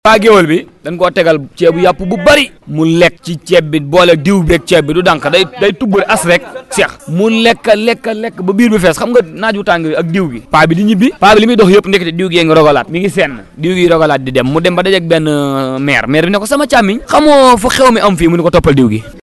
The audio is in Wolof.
paa géwél bi dañ koo tegal ceebu yàpp bu bari mu lekk ci ceeb bi boole diw beeg ceeb bi du dànk day day tubbale as rek seex mu lekk lekk lekk ba biir bi fees xam nga naaj wu tàng ak diw gi paa bi di ñibbi paa bi li muy dox yëpp ndekete diw gee ngi rogalaat mi ngi senn diw gi rogalaat di dem mu dem ba dajeeg benn maire maire bi ne ko sama càmmiñ xamoo fu xew mi am fii mu ne ko toppal diw gi